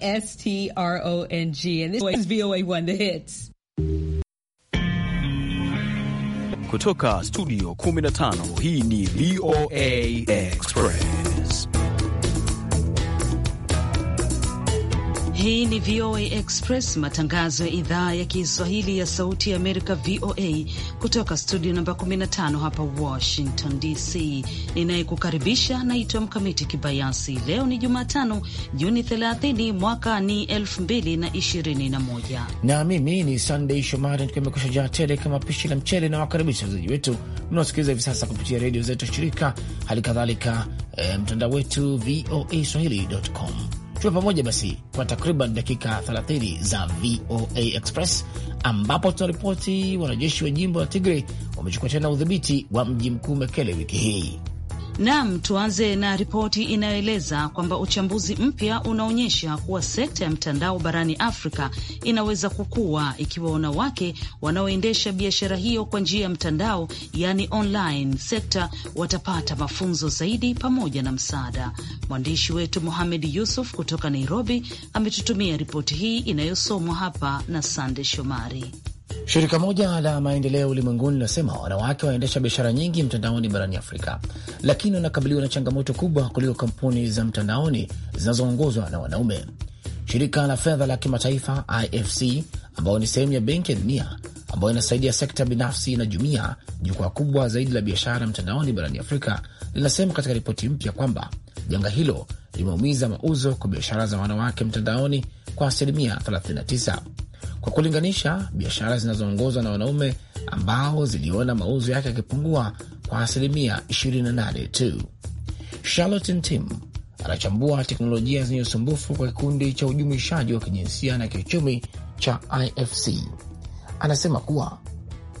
S T R O N G. And this is VOA 1 The Hits. Kutoka studio 15 hii ni VOA Express. Hii ni VOA Express, matangazo ya idhaa ya Kiswahili ya Sauti ya Amerika, VOA, kutoka studio namba 15 hapa Washington DC. Ninayekukaribisha naitwa Mkamiti Kibayasi. Leo ni Jumatano, Juni 30 mwaka ni 2021, na mimi ni sandey Shomari, tukiwa imekusha jaa tele kama pishi la mchele na wakaribisha wazaji wetu mnaosikiliza hivi sasa kupitia redio zetu shirika, hali kadhalika e, mtandao wetu voa swahili.com tuwe pamoja basi kwa takriban dakika 30 za VOA Express, ambapo tunaripoti wanajeshi wa jimbo la Tigray wamechukua tena udhibiti wa mji mkuu Mekele wiki hii. Naam, tuanze na ripoti inayoeleza kwamba uchambuzi mpya unaonyesha kuwa sekta ya mtandao barani Afrika inaweza kukua ikiwa wanawake wanaoendesha biashara hiyo kwa njia ya mtandao, yani online sekta, watapata mafunzo zaidi pamoja na msaada. Mwandishi wetu muhamed Yusuf kutoka Nairobi ametutumia ripoti hii inayosomwa hapa na Sande Shomari. Shirika moja la maendeleo ulimwenguni linasema wanawake wanaendesha biashara nyingi mtandaoni barani Afrika, lakini wanakabiliwa na changamoto kubwa kuliko kampuni za mtandaoni zinazoongozwa na wanaume. Shirika la fedha la kimataifa IFC, ambayo ni sehemu ya Benki ya Dunia ambayo inasaidia sekta binafsi na jumuiya, jukwaa kubwa zaidi la biashara mtandaoni barani Afrika, linasema katika ripoti mpya kwamba janga hilo limeumiza mauzo kwa biashara za wanawake mtandaoni kwa asilimia 39 kwa kulinganisha biashara zinazoongozwa na wanaume ambao ziliona mauzo yake yakipungua kwa asilimia 28 tu. Charlotte Tim anachambua teknolojia zenye usumbufu kwa kikundi cha ujumuishaji wa kijinsia na kiuchumi cha IFC. Anasema kuwa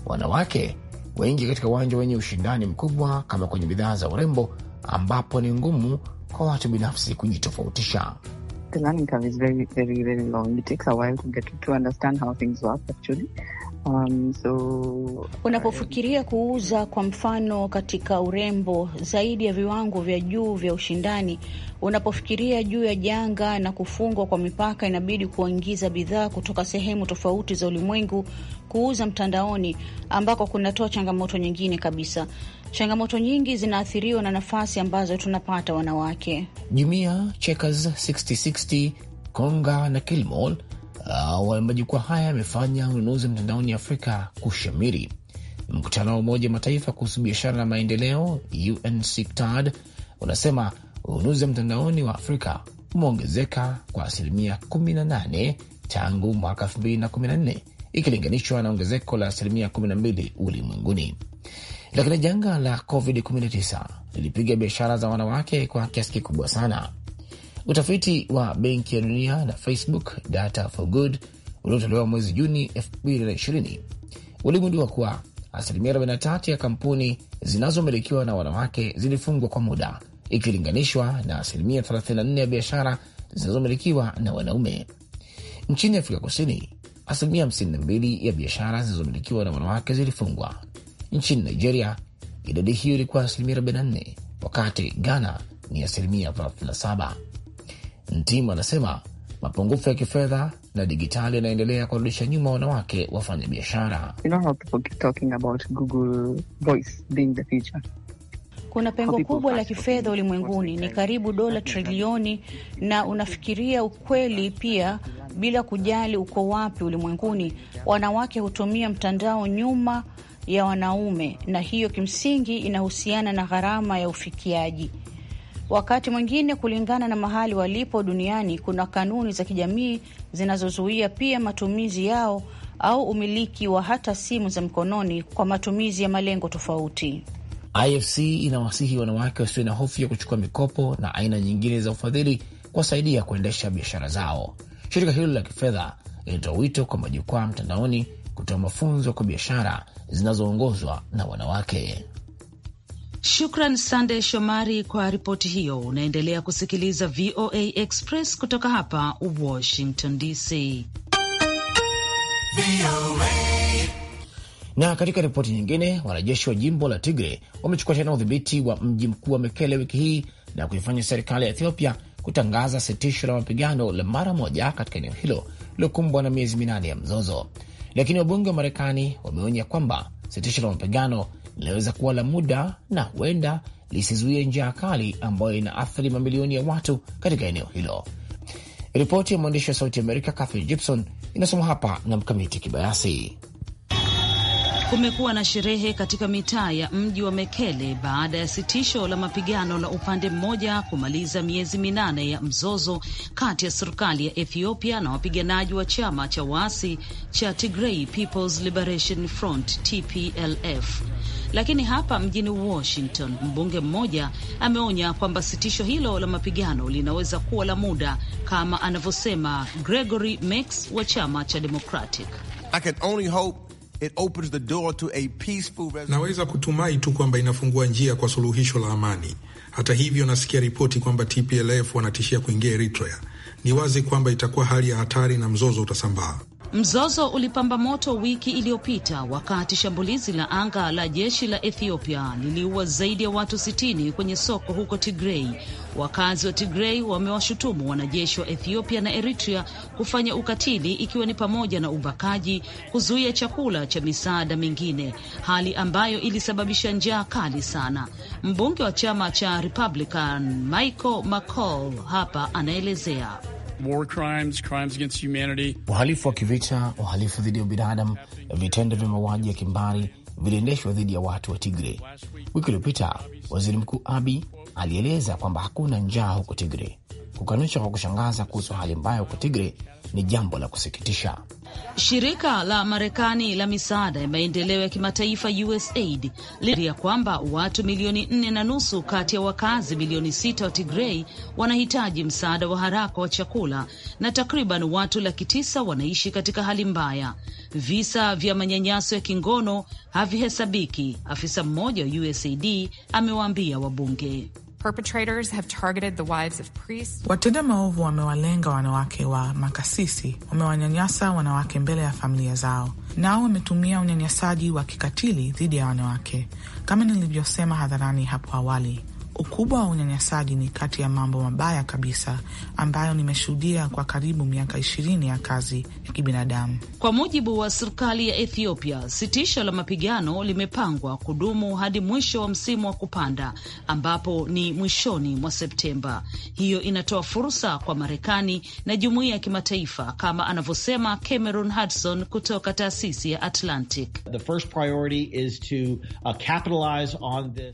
wanawake wengi katika uwanja wenye ushindani mkubwa kama kwenye bidhaa za urembo, ambapo ni ngumu kwa watu binafsi kujitofautisha the learning curve is very, very, very long. It takes a while to get to understand how things work actually. Um, so, unapofikiria kuuza kwa mfano katika urembo zaidi ya viwango vya juu vya ushindani, unapofikiria juu ya janga na kufungwa kwa mipaka, inabidi kuingiza bidhaa kutoka sehemu tofauti za ulimwengu kuuza mtandaoni, ambako kunatoa changamoto nyingine kabisa. Changamoto nyingi zinaathiriwa na nafasi ambazo tunapata wanawake. Jumia, Checkers 6060, Konga na Kilimall uh, majukwaa haya yamefanya ununuzi mtandaoni Afrika kushamiri. Mkutano wa Umoja Mataifa kuhusu biashara na maendeleo UNCTAD unasema ununuzi wa mtandaoni wa Afrika umeongezeka kwa asilimia 18 tangu mwaka 2014 ikilinganishwa na ongezeko la asilimia 12 ulimwenguni. Lakini janga la COVID-19 lilipiga biashara za wanawake kwa kiasi kikubwa sana. Utafiti wa Benki ya Dunia na Facebook Data for Good uliotolewa mwezi Juni 2020 uligundua kuwa asilimia 43 ya kampuni zinazomilikiwa na wanawake zilifungwa kwa muda ikilinganishwa na asilimia 34 ya biashara zinazomilikiwa na wanaume. Nchini Afrika Kusini, asilimia 52 ya biashara zinazomilikiwa na wanawake zilifungwa Nchini Nigeria idadi hiyo ilikuwa asilimia 44, wakati Ghana ni asilimia 37. Ntimu anasema mapungufu ya kifedha na dijitali yanaendelea kuarudisha nyuma wanawake wafanya biashara. Kuna pengo kubwa la kifedha ulimwenguni, ni karibu dola trilioni, na unafikiria ukweli pia, bila kujali uko wapi ulimwenguni, wanawake hutumia mtandao nyuma ya wanaume, na hiyo kimsingi inahusiana na gharama ya ufikiaji. Wakati mwingine, kulingana na mahali walipo duniani, kuna kanuni za kijamii zinazozuia pia matumizi yao au umiliki wa hata simu za mkononi kwa matumizi ya malengo tofauti. IFC inawasihi wanawake wasiwe na hofu ya kuchukua mikopo na aina nyingine za ufadhili kuwasaidia kuendesha biashara zao. Shirika hilo la kifedha linatoa wito kwa majukwaa mtandaoni kutoa mafunzo kwa biashara zinazoongozwa na wanawake. Shukran Sande Shomari kwa ripoti hiyo. Unaendelea kusikiliza VOA Express kutoka hapa Washington DC. Na katika ripoti nyingine, wanajeshi wa jimbo la Tigre wamechukua tena udhibiti wa mji mkuu wa Mekele wiki hii na kuifanya serikali ya Ethiopia kutangaza sitisho la mapigano la mara moja katika eneo hilo lilokumbwa na miezi minane ya mzozo lakini wabunge wa Marekani wameonya kwamba sitisho la mapigano linaweza kuwa la muda na huenda lisizuie njaa kali ambayo inaathiri mamilioni ya watu katika eneo hilo. Ripoti ya mwandishi wa Sauti Amerika Catherine Gibson inasoma hapa na Mkamiti Kibayasi. Kumekuwa na sherehe katika mitaa ya mji wa Mekele baada ya sitisho la mapigano la upande mmoja kumaliza miezi minane ya mzozo kati ya serikali ya Ethiopia na wapiganaji wa chama cha waasi cha Tigray People's Liberation Front TPLF. Lakini hapa mjini Washington, mbunge mmoja ameonya kwamba sitisho hilo la mapigano linaweza kuwa la muda, kama anavyosema Gregory Meeks wa chama cha Democratic. I can only hope It opens the door to a peaceful... Naweza kutumai tu kwamba inafungua njia kwa suluhisho la amani. Hata hivyo, nasikia ripoti kwamba TPLF wanatishia kuingia Eritrea. Ni wazi kwamba itakuwa hali ya hatari na mzozo utasambaa. Mzozo ulipamba moto wiki iliyopita wakati shambulizi la anga la jeshi la Ethiopia liliua zaidi ya watu 60 kwenye soko huko Tigrei. Wakazi wa Tigrei wamewashutumu wanajeshi wa Ethiopia na Eritrea kufanya ukatili, ikiwa ni pamoja na ubakaji, kuzuia chakula cha misaada mingine, hali ambayo ilisababisha njaa kali sana. Mbunge wa chama cha Republican Michael McCall hapa anaelezea war crimes, crimes against humanity. Uhalifu wa kivita, uhalifu dhidi ya ubinadamu, vitendo vya mauaji ya kimbari viliendeshwa dhidi ya watu wa Tigre. Wiki iliyopita waziri mkuu Abi alieleza kwamba hakuna njaa huko Tigre. Kukanusha kwa kushangaza kuhusu hali mbaya huko Tigre ni jambo la kusikitisha. Shirika la Marekani la misaada ya maendeleo ya kimataifa USAID liria kwamba watu milioni nne na nusu kati ya wakazi milioni sita wa Tigrei wanahitaji msaada wa haraka wa chakula na takriban watu laki tisa wanaishi katika hali mbaya. Visa vya manyanyaso ya kingono havihesabiki, afisa mmoja wa USAID amewaambia wabunge. Perpetrators have targeted the wives of priests. Watenda maovu wamewalenga wanawake wa makasisi, wamewanyanyasa wanawake mbele ya familia zao. Nao wametumia unyanyasaji wa kikatili dhidi ya wanawake, kama nilivyosema hadharani hapo awali. Ukubwa wa unyanyasaji ni kati ya mambo mabaya kabisa ambayo nimeshuhudia kwa karibu miaka ishirini ya kazi ya kibinadamu. Kwa mujibu wa serikali ya Ethiopia, sitisho la mapigano limepangwa kudumu hadi mwisho wa msimu wa kupanda ambapo ni mwishoni mwa Septemba. Hiyo inatoa fursa kwa Marekani na jumuiya ya kimataifa, kama anavyosema Cameron Hudson kutoka taasisi ya Atlantic. Uh,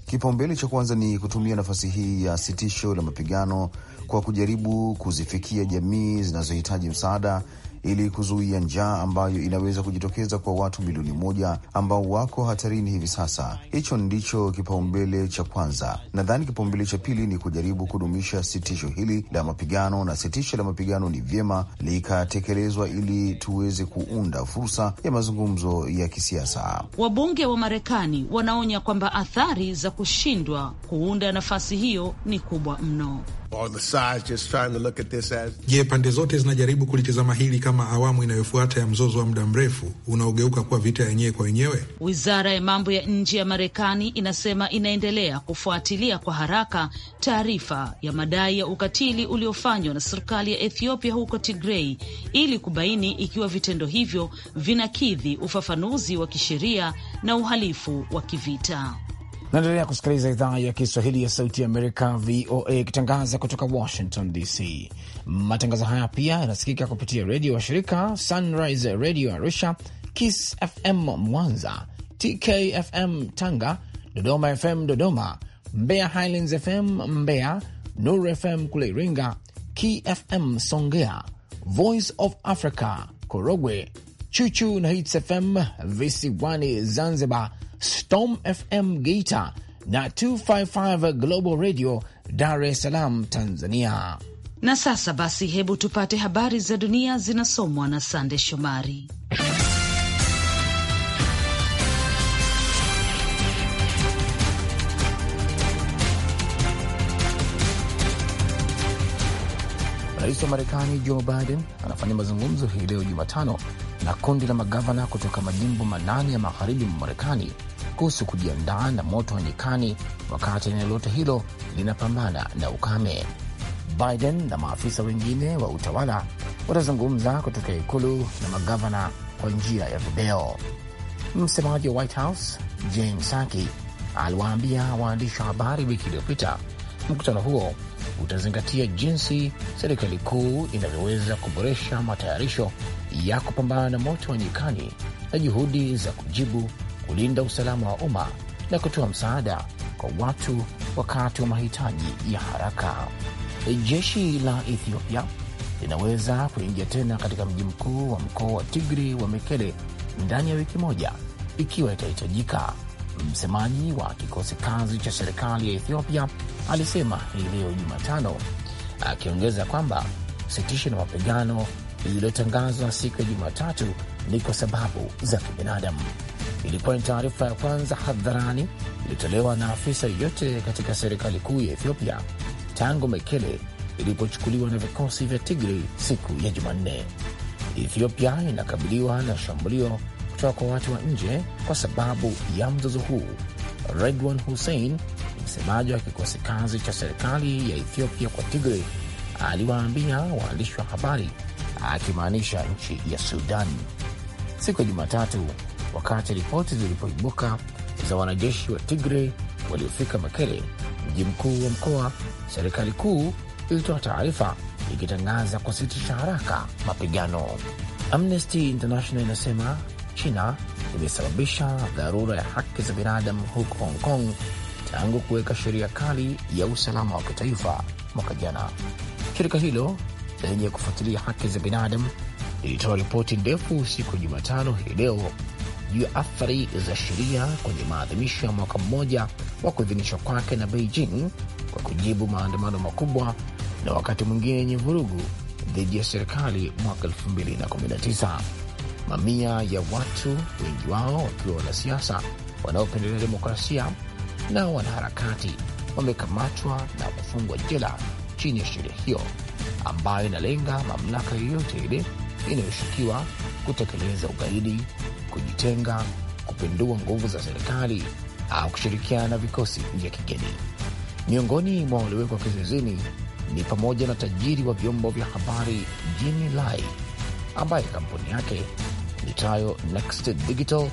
Kipaumbele cha kwanza ni kutumia nafasi hii ya sitisho la mapigano kwa kujaribu kuzifikia jamii zinazohitaji msaada ili kuzuia njaa ambayo inaweza kujitokeza kwa watu milioni moja ambao wako hatarini hivi sasa. Hicho ndicho kipaumbele cha kwanza. Nadhani kipaumbele cha pili ni kujaribu kudumisha sitisho hili la mapigano, na sitisho la mapigano ni vyema likatekelezwa ili tuweze kuunda fursa ya mazungumzo ya kisiasa. Wabunge wa Marekani wanaonya kwamba athari za kushindwa kuunda nafasi hiyo ni kubwa mno. Je, pande zote zinajaribu kulitizama hili kama awamu inayofuata ya mzozo wa muda mrefu unaogeuka kuwa vita yenyewe kwa wenyewe? Wizara ya mambo ya nje ya Marekani inasema inaendelea kufuatilia kwa haraka taarifa ya madai ya ukatili uliofanywa na serikali ya Ethiopia huko Tigrei ili kubaini ikiwa vitendo hivyo vinakidhi ufafanuzi wa kisheria na uhalifu wa kivita. Naendelea kusikiliza idhaa ya Kiswahili ya Sauti ya Amerika, VOA, ikitangaza kutoka Washington DC. Matangazo haya pia yanasikika kupitia redio wa shirika Sunrise Radio Arusha, Kiss FM Mwanza, TKFM Tanga, Dodoma FM Dodoma, Mbeya Highlands FM Mbeya, Nur FM kule Iringa, KFM Songea, Voice of Africa Korogwe, Chuchu na Hits FM visiwani Zanzibar, Storm FM Geita na 255 Global Radio Dar es Salaam, Tanzania. Na sasa basi, hebu tupate habari za dunia zinasomwa na Sande Shomari. Rais wa Marekani Joe Biden anafanya mazungumzo hii leo Jumatano na kundi la magavana kutoka majimbo manane ya magharibi mwa Marekani kuhusu kujiandaa na moto wa nyikani, wakati eneo lote hilo linapambana na ukame. Biden na maafisa wengine wa utawala watazungumza kutoka ikulu na magavana kwa njia ya video. Msemaji wa White House Saki aliwaambia waandishi wa habari wiki iliyopita Mkutano huo utazingatia jinsi serikali kuu inavyoweza kuboresha matayarisho ya kupambana na moto wa nyikani na juhudi za kujibu, kulinda usalama wa umma na kutoa msaada kwa watu wakati wa mahitaji ya haraka. Jeshi la Ethiopia linaweza kuingia tena katika mji mkuu wa mkoa wa Tigri wa Mekele ndani ya wiki moja ikiwa itahitajika, Msemaji wa kikosi kazi cha serikali ya Ethiopia alisema hii leo Jumatano, akiongeza kwamba sitisho la mapigano lililotangazwa siku ya Jumatatu ni kwa sababu za kibinadamu. Ilikuwa ni taarifa ya kwanza hadharani iliyotolewa na afisa yoyote katika serikali kuu ya Ethiopia tangu Mekele ilipochukuliwa na vikosi vya Tigray siku ya Jumanne. Ethiopia inakabiliwa na shambulio kutoka kwa watu wa nje kwa sababu ya mzozo huu. Redwan Hussein, msemaji wa kikosi kazi cha serikali ya Ethiopia kwa tigre aliwaambia waandishi wa habari akimaanisha nchi ya Sudan siku ya Jumatatu, wakati ripoti zilipoibuka za wanajeshi wa tigre waliofika Mekele, mji mkuu wa mkoa. Serikali kuu ilitoa taarifa ikitangaza kusitisha haraka mapigano. Amnesty International inasema China imesababisha dharura ya haki za binadamu huko Hong Kong tangu kuweka sheria kali ya usalama wa kitaifa mwaka jana. Shirika hilo lenye kufuatilia haki za binadamu lilitoa ripoti ndefu siku ya Jumatano hii leo juu ya athari za sheria kwenye maadhimisho ya mwaka mmoja wa kuidhinishwa kwake na Beijing kwa kujibu maandamano makubwa na wakati mwingine yenye vurugu dhidi ya serikali mwaka 2019 mamia ya watu, wengi wao wakiwa wanasiasa wanaopendelea demokrasia na wanaharakati, wamekamatwa na kufungwa jela chini ya sheria hiyo ambayo inalenga mamlaka yoyote ile inayoshukiwa kutekeleza ugaidi, kujitenga, kupindua nguvu za serikali au kushirikiana na vikosi vya kigeni. Miongoni mwa waliowekwa kizuizini ni pamoja na tajiri wa vyombo vya habari Jimmy Lai ambaye kampuni yake itayo Next Digital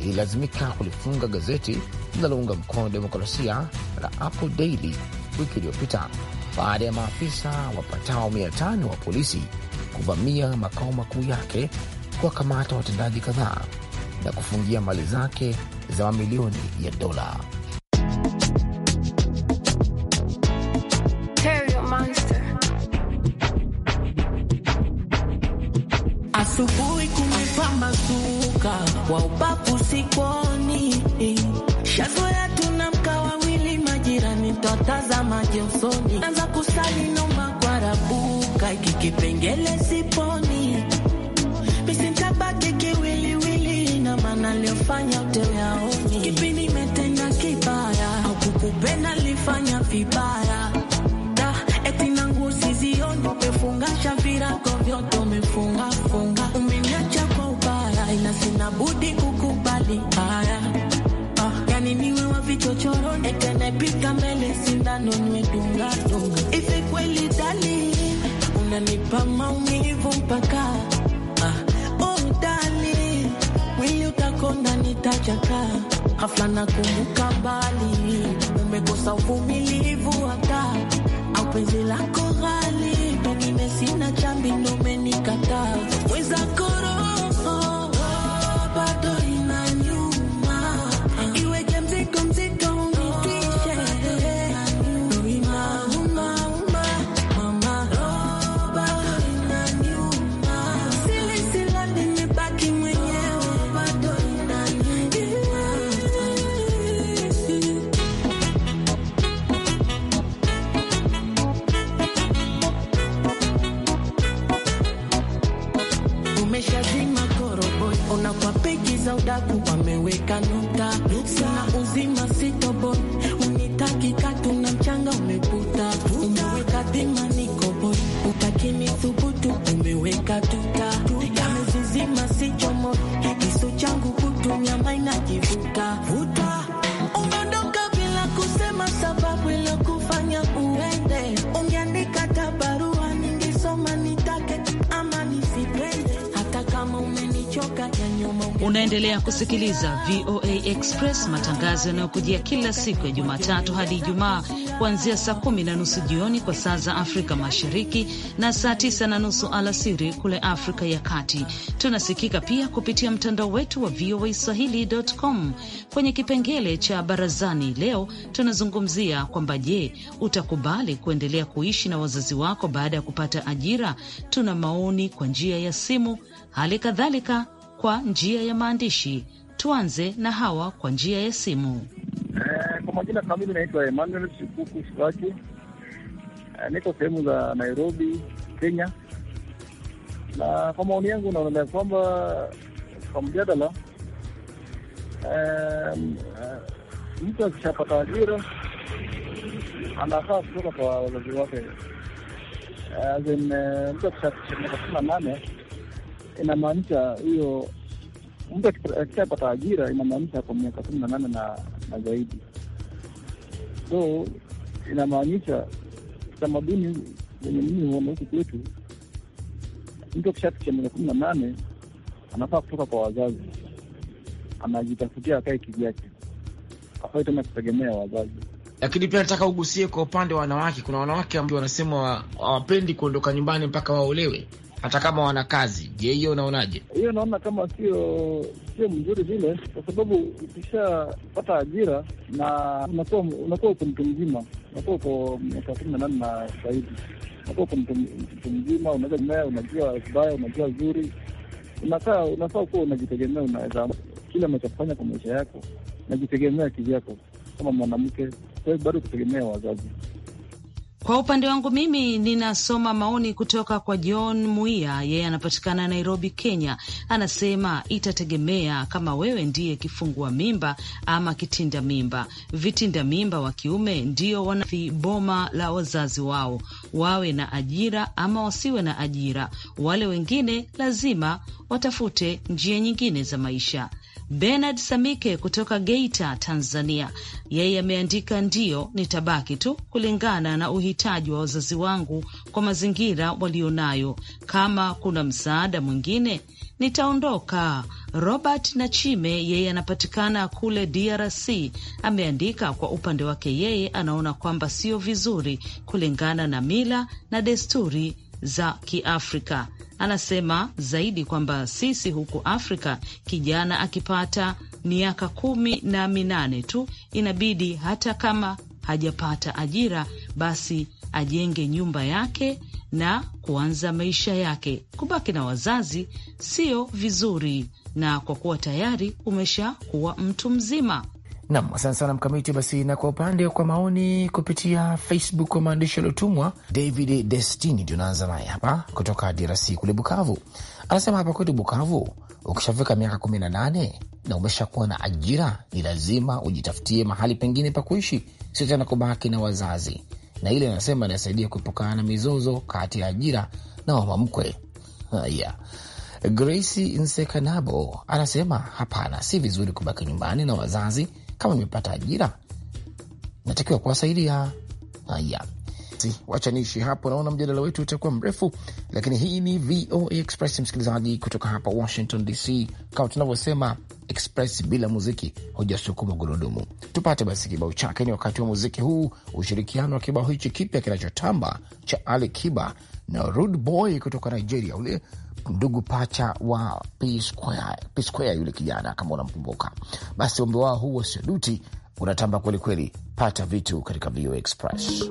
ililazimika kulifunga gazeti linalounga mkono demokrasia la Apple Daily wiki iliyopita baada ya maafisa wapatao mia tano wa polisi kuvamia makao makuu yake, kuwakamata watendaji kadhaa na kufungia mali zake za mamilioni ya dola. wa upapu sikuoni, shazoea tunamka wawili, majirani twatazama josoni, anza kusali noma kwa rabu kaiki kipengele siponi, misintabaki kiwiliwili, na maana liofanya uteaoni aoni, kipi kibaya au kukupenda lifanya vibaya choron etenepika mbele sindano nwe dunga dunga ife kweli dali unanipa maumivu mpaka ah, oh dali mwili utakonda nitachaka hafla na kumbuka bali umekosa uvumilivu hata au penzi lako ghali pengine sina chambi ndo umenikataa Unaendelea kusikiliza VOA Express, matangazo yanayokujia kila siku ya Jumatatu hadi Ijumaa kuanzia saa kumi na nusu jioni kwa saa za Afrika Mashariki na saa tisa na nusu alasiri kule Afrika ya Kati. Tunasikika pia kupitia mtandao wetu wa VOA Swahili.com. Kwenye kipengele cha barazani leo tunazungumzia kwamba je, utakubali kuendelea kuishi na wazazi wako baada ya kupata ajira? Tuna maoni kwa njia ya simu, hali kadhalika kwa njia ya maandishi. Tuanze na hawa kwa njia ya simu. Eh, kwa majina kamili naitwa Emmanuel Shikuku Shikaki. Eh, niko sehemu za Nairobi, Kenya, na kwa maoni yangu naonelea kwamba kwa mjadala eh, mtu akishapata ajira anakaa kutoka kwa wazazi wake, eh, eh, mtu akishapata nane inamaanisha hiyo mtu akishapata ajira inamaanisha kwa miaka kumi na nane na zaidi, so inamaanisha tamaduni zenye mimi huona huku kwetu, mtu akishafikia miaka kumi na nane anafaa kutoka kwa wazazi, anajitafutia akae kivyake, afai tena kutegemea wazazi. Lakini pia nataka ugusie kwa upande wa wanawake. Kuna wanawake ambao wanasema hawapendi kuondoka nyumbani mpaka waolewe hata kama wana kazi. Je, hiyo unaonaje? Hiyo naona kama sio sio mzuri vile, kwa sababu ukishapata ajira na unakuwa unakuwa uko mtu mzima, unakuwa uko miaka kumi na nane na zaidi, unakuwa uko mtu mzima, unaweza mmea, unajua vibaya, unajua zuri unakaa unafaa kuwa unajitegemea, unaweza kile unachofanya kwa maisha yako, najitegemea kivyako kama mwanamke, kwa hiyo bado kutegemea wazazi kwa upande wangu mimi ninasoma maoni kutoka kwa John Muia, yeye anapatikana Nairobi, Kenya. Anasema itategemea kama wewe ndiye kifungua mimba ama kitinda mimba. Vitinda mimba wa kiume ndio wanathi boma la wazazi wao, wawe na ajira ama wasiwe na ajira. Wale wengine lazima watafute njia nyingine za maisha. Bernard Samike kutoka Geita, Tanzania, yeye ameandika ndiyo, nitabaki tu kulingana na uhitaji wa wazazi wangu kwa mazingira walionayo. Kama kuna msaada mwingine nitaondoka. Robert Nachime yeye anapatikana kule DRC ameandika, kwa upande wake yeye anaona kwamba sio vizuri kulingana na mila na desturi za Kiafrika. Anasema zaidi kwamba sisi huku Afrika kijana akipata miaka kumi na minane tu inabidi hata kama hajapata ajira basi ajenge nyumba yake na kuanza maisha yake. Kubaki na wazazi sio vizuri, na kwa kuwa tayari umeshakuwa mtu mzima, Nam, asante sana Mkamiti. Basi na kwa upande kwa maoni kupitia Facebook kwa maandishi yaliyotumwa, David Destini ndio naanza naye hapa kutoka DRC kule Bukavu. Anasema hapa kwetu Bukavu, ukishafika miaka kumi na nane na umeshakuwa na ajira, ni lazima ujitafutie mahali pengine pa kuishi, sio tena kubaki na wazazi, na ile anasema inasaidia kuepukana na mizozo kati ya ajira na wamamkwe. Haya, Grace Nsekanabo anasema hapana, si vizuri kubaki nyumbani na wazazi kama nimepata ajira natakiwa kuwasaidia. Haya, wacha niishi hapo, naona mjadala wetu utakuwa mrefu, lakini hii ni VOA Express msikilizaji, kutoka hapa Washington DC. Kama tunavyosema Express bila muziki hujasukuma gurudumu. Tupate basi kibao chake, ni wakati wa muziki huu, ushirikiano wa kibao hichi kipya kinachotamba cha Ali Kiba na Rude Boy kutoka Nigeria ule ndugu pacha wa P Square, P Square yule kijana kama unamkumbuka, basi wimbo wao huo sio duti unatamba kwelikweli. Pata vitu katika VOA Express.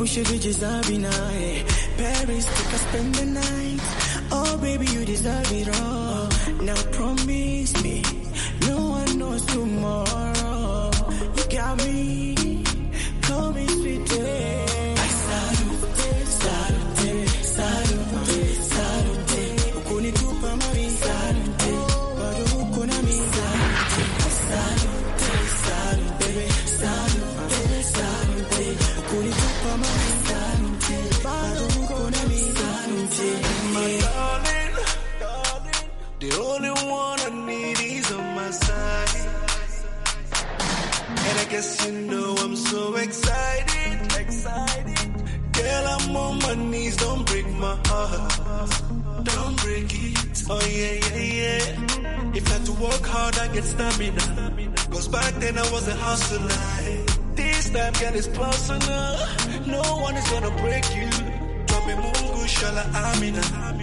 We should just deserve it now. Paris, take us spend the night. Oh, baby, you deserve it all. Now promise me, no one knows tomorrow. You got me, call me sweet The only one I need is on my side. And I guess you know I'm so excited, excited. Girl, I'm on my knees, don't break my heart. Don't break it. Oh yeah, yeah, yeah. If I had to work hard, I get stamina. Cause back then I was a hustler. This time, girl, it's personal. No one is gonna break you. Drop me mungu, shala amina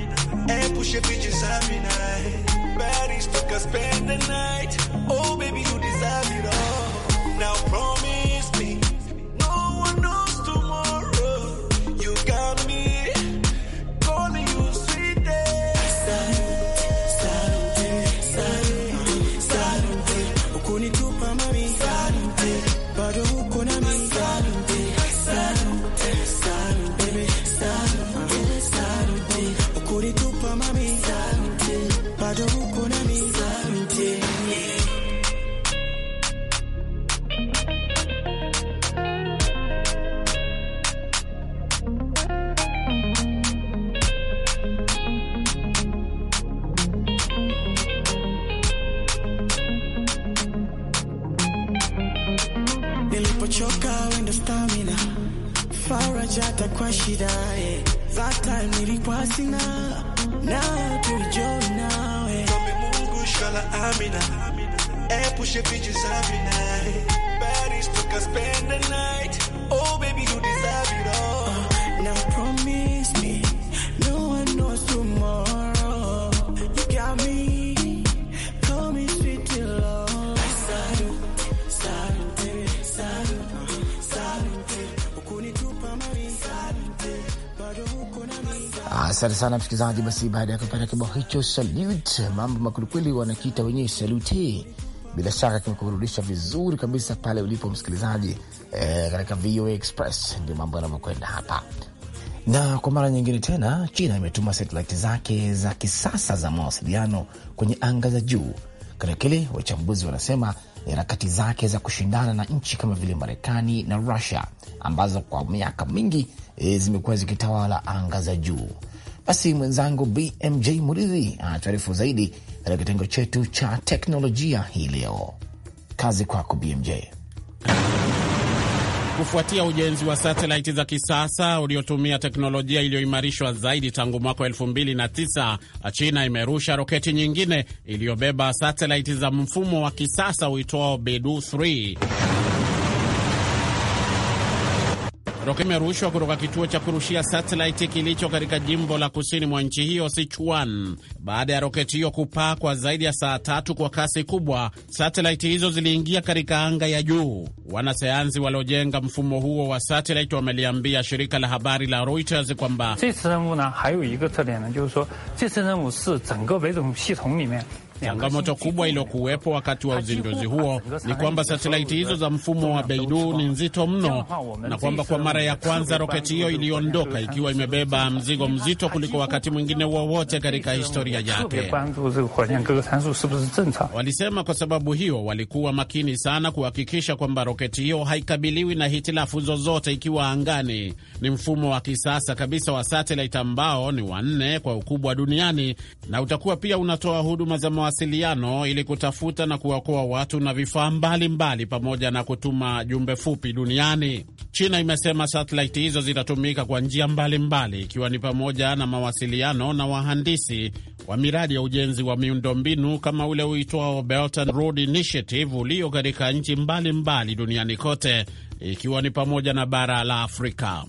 and eh, push your bitches every night. Baddies took us spend the night. Oh, baby, you deserve it all. Now, promise. Umenitupa mami, bado uko nami Asante sana msikilizaji. Basi baada ya kupata kibao hicho salute, mambo makulikweli, wanakiita wenyewe saluti, Bila shaka kimekurudisha vizuri kabisa pale ulipo msikilizaji, e, katika VOA Express ndio mambo yanavyokwenda hapa. Na kwa mara nyingine tena, China imetuma satelaiti zake za kisasa za mawasiliano kwenye anga za juu katika kile wachambuzi wanasema ni harakati zake za kushindana na nchi kama vile Marekani na Rusia ambazo kwa miaka mingi e, zimekuwa zikitawala anga za juu. Basi mwenzangu BMJ Muridhi anatuarifu zaidi katika kitengo chetu cha teknolojia hii leo. Kazi kwako BMJ. Kufuatia ujenzi wa satelaiti za kisasa uliotumia teknolojia iliyoimarishwa zaidi tangu mwaka wa China imerusha roketi nyingine iliyobeba satelaiti za mfumo wa kisasa uitwao Beidou 3 kutoka imerushwa kutoka kituo cha kurushia satelaiti kilicho katika jimbo la kusini mwa nchi hiyo Sichuan. Baada ya roketi hiyo kupaa kwa zaidi ya saa tatu kwa kasi kubwa, satelaiti hizo ziliingia katika anga ya juu. Wanasayansi waliojenga mfumo huo wa satelaiti wameliambia shirika la habari la Reuters kwamba Changamoto kubwa iliyokuwepo wakati wa uzinduzi huo ni kwamba satelaiti hizo za mfumo wa Beidou ni nzito mno, na kwamba kwa mara ya kwanza roketi hiyo iliondoka ikiwa imebeba mzigo mzito kuliko wakati mwingine wowote katika historia yake. Walisema kwa sababu hiyo walikuwa makini sana kuhakikisha kwamba roketi hiyo haikabiliwi na hitilafu zozote ikiwa angani. Ni mfumo wa kisasa kabisa wa satelaiti ambao ni wanne kwa ukubwa duniani na utakuwa pia unatoa huduma za mawasiliano ili kutafuta na kuwakoa watu na vifaa mbalimbali pamoja na kutuma jumbe fupi duniani. China imesema satelaiti hizo zitatumika kwa njia mbalimbali, ikiwa ni pamoja na mawasiliano na wahandisi wa miradi ya ujenzi wa miundombinu kama ule uitwao Belt and Road Initiative ulio katika nchi mbalimbali duniani kote, ikiwa ni pamoja na bara la Afrika.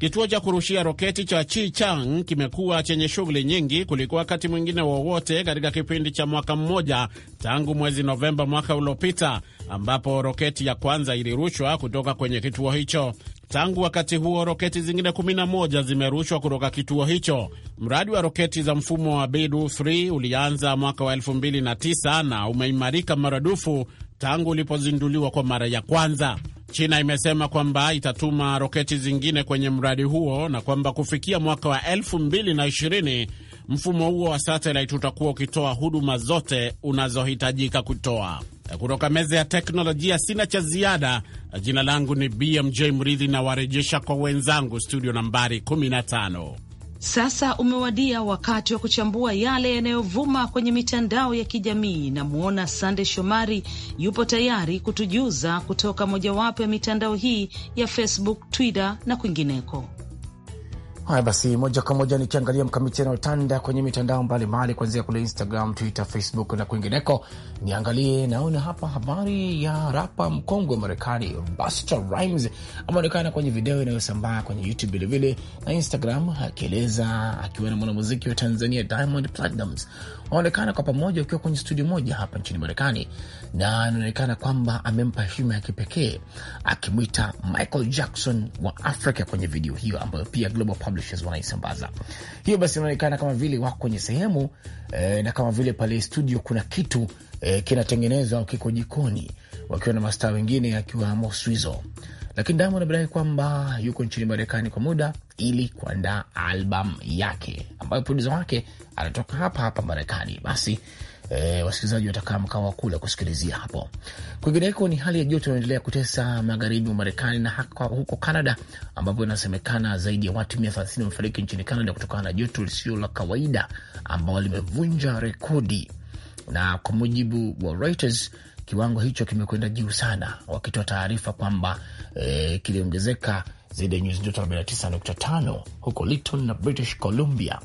Kituo cha kurushia roketi cha chang kimekuwa chenye shughuli nyingi kuliko wakati mwingine wowote katika kipindi cha mwaka mmoja tangu mwezi Novemba mwaka uliopita, ambapo roketi ya kwanza ilirushwa kutoka kwenye kituo hicho. Tangu wakati huo roketi zingine 11 zimerushwa kutoka kituo hicho. Mradi wa roketi za mfumo wa Beidou 3 ulianza mwaka wa 2009 na umeimarika maradufu tangu ulipozinduliwa kwa mara ya kwanza. China imesema kwamba itatuma roketi zingine kwenye mradi huo na kwamba kufikia mwaka wa 2020 mfumo huo wa satelit utakuwa ukitoa huduma zote unazohitajika kutoa. Kutoka meza ya teknolojia sina cha ziada. Jina langu ni BMJ Mridhi nawarejesha kwa wenzangu studio nambari 15. Sasa umewadia wakati wa kuchambua yale yanayovuma kwenye mitandao ya kijamii. Namwona Sande Shomari yupo tayari kutujuza kutoka mojawapo ya mitandao hii ya Facebook, Twitter na kwingineko. Haya basi, moja kwa moja nikiangalia mkamiti anaotanda kwenye mitandao mbalimbali, kuanzia kule Instagram, Twitter, Facebook na kwingineko. Niangalie, naona hapa habari ya rapa mkongwe wa Marekani Busta Rhymes ameonekana kwenye video inayosambaa kwenye YouTube vilevile na Instagram, akieleza akiwa na mwanamuziki wa Tanzania Diamond Platnumz wanaonekana kwa pamoja wakiwa kwenye studio moja hapa nchini Marekani, na anaonekana kwamba amempa heshima ya kipekee akimwita Michael Jackson wa Afrika kwenye video hiyo ambayo pia Global Publishers wanaisambaza hiyo. Basi inaonekana kama vile wako kwenye sehemu eh, na kama vile pale studio kuna kitu eh, kinatengenezwa au kiko jikoni, wakiwa na mastaa wengine akiwa Moswizo lakini Diamond amedai kwamba yuko nchini Marekani kwa muda ili kuandaa albamu yake ambayo produsa wake anatoka hapa hapa Marekani. Basi e, wasikilizaji watakaa mkao wa kule kusikilizia hapo. Kwingineko ni hali ya joto inaendelea kutesa magharibi wa Marekani na haka huko Canada, ambapo inasemekana zaidi ya watu mia thelathini wamefariki nchini Canada kutokana na joto lisio la kawaida ambao limevunja rekodi, na kwa mujibu wa Reuters kiwango hicho kimekwenda juu sana, wakitoa taarifa kwamba e, kiliongezeka zaidi ya nyuzi joto 49.5 huko Litton na British Columbia.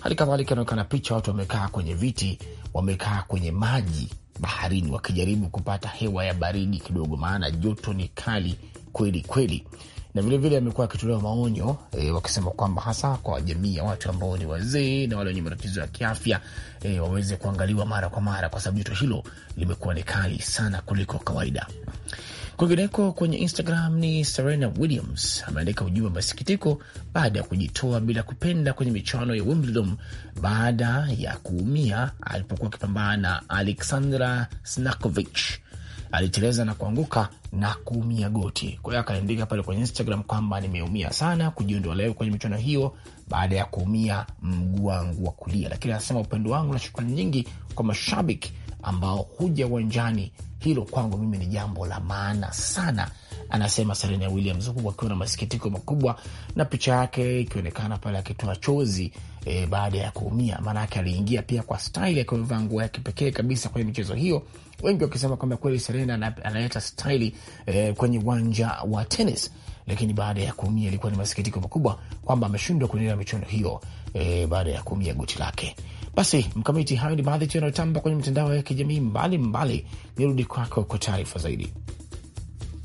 Hali kadhalika inaonekana picha watu wamekaa kwenye viti, wamekaa kwenye maji baharini, wakijaribu kupata hewa ya baridi kidogo, maana joto ni kali kweli kweli na vilevile amekuwa akitolewa maonyo e, wakisema kwamba hasa kwa jamii ya watu ambao ni wazee na wale wenye matatizo ya kiafya e, waweze kuangaliwa mara kwa mara, kwa sababu joto hilo limekuwa ni kali sana kuliko kawaida. Kwingineko kwenye Instagram ni Serena Williams ameandika ujumbe wa masikitiko baada ya kujitoa bila kupenda kwenye michuano ya Wimbledon baada ya kuumia alipokuwa akipambana na Alexandra Snakovich. Aliteleza na kuanguka na kuumia goti. Kwa hiyo akaandika pale kwenye Instagram kwamba nimeumia sana kujiondoa leo kwenye michuano hiyo baada ya kuumia mguu wangu wa kulia, lakini anasema upendo wangu na shukrani nyingi kwa mashabiki ambao huja uwanjani. Hilo kwangu mimi ni jambo la maana sana, anasema Serena Williams, huku akiwa na masikitiko makubwa na picha yake ikionekana pale akitoa chozi e, baada ya kuumia. Maanake aliingia pia kwa stl akivaa nguo ya kipekee kabisa kwenye michezo hiyo, wengi wakisema kwamba kweli Serena analeta staili e, kwenye uwanja wa tenis lakini baada ya kuumia ilikuwa ni masikitiko makubwa kwamba ameshindwa kuendelea michuano hiyo e, baada ya kuumia goti lake. Basi mkamiti, hayo ni baadhi tu yanayotamba kwenye mitandao ya kijamii mbalimbali. Nirudi kwako kwa taarifa zaidi.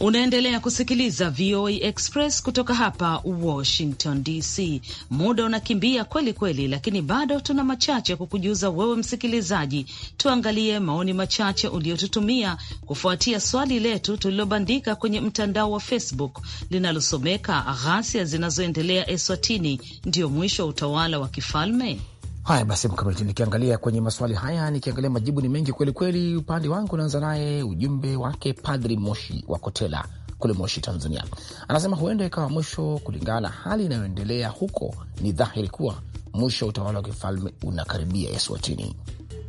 Unaendelea kusikiliza VOA Express kutoka hapa Washington DC. Muda unakimbia kweli kweli, lakini bado tuna machache kukujuza wewe msikilizaji. Tuangalie maoni machache uliotutumia kufuatia swali letu tulilobandika kwenye mtandao wa Facebook linalosomeka ghasia zinazoendelea Eswatini, ndio mwisho wa utawala wa kifalme? Haya basi, Mkamiti, nikiangalia kwenye maswali haya, nikiangalia majibu ni mengi kweli kweli. Upande wangu naanza naye ujumbe wake Padri Moshi wa Kotela kule Moshi, Tanzania, anasema huenda ikawa mwisho. Kulingana na hali inayoendelea huko, ni dhahiri kuwa mwisho wa utawala wa kifalme unakaribia Eswatini.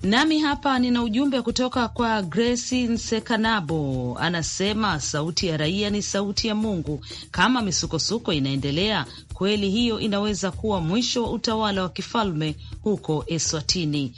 Nami hapa nina ujumbe kutoka kwa Grace Nsekanabo, anasema sauti ya raia ni sauti ya Mungu. Kama misukosuko inaendelea kweli, hiyo inaweza kuwa mwisho wa utawala wa kifalme huko Eswatini.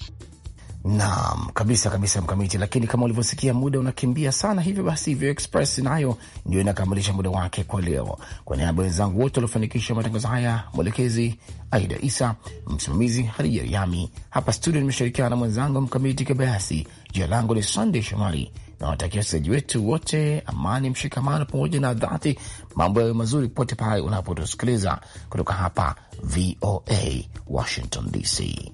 Naam, kabisa kabisa, Mkamiti. Lakini kama ulivyosikia, muda unakimbia sana, hivyo basi Vio Express nayo ndio inakamilisha muda wake kwa leo. Kwa niaba wenzangu wote waliofanikisha matangazo haya, mwelekezi Aida Isa, msimamizi Hadija Riami, hapa studio nimeshirikiana na mwenzangu Mkamiti Kibayasi. Jina langu ni Sandey Shomari na watakia wasikilizaji wetu wote amani, mshikamano pamoja na dhati, mambo yayo mazuri popote pale unapotusikiliza kutoka hapa VOA Washington DC.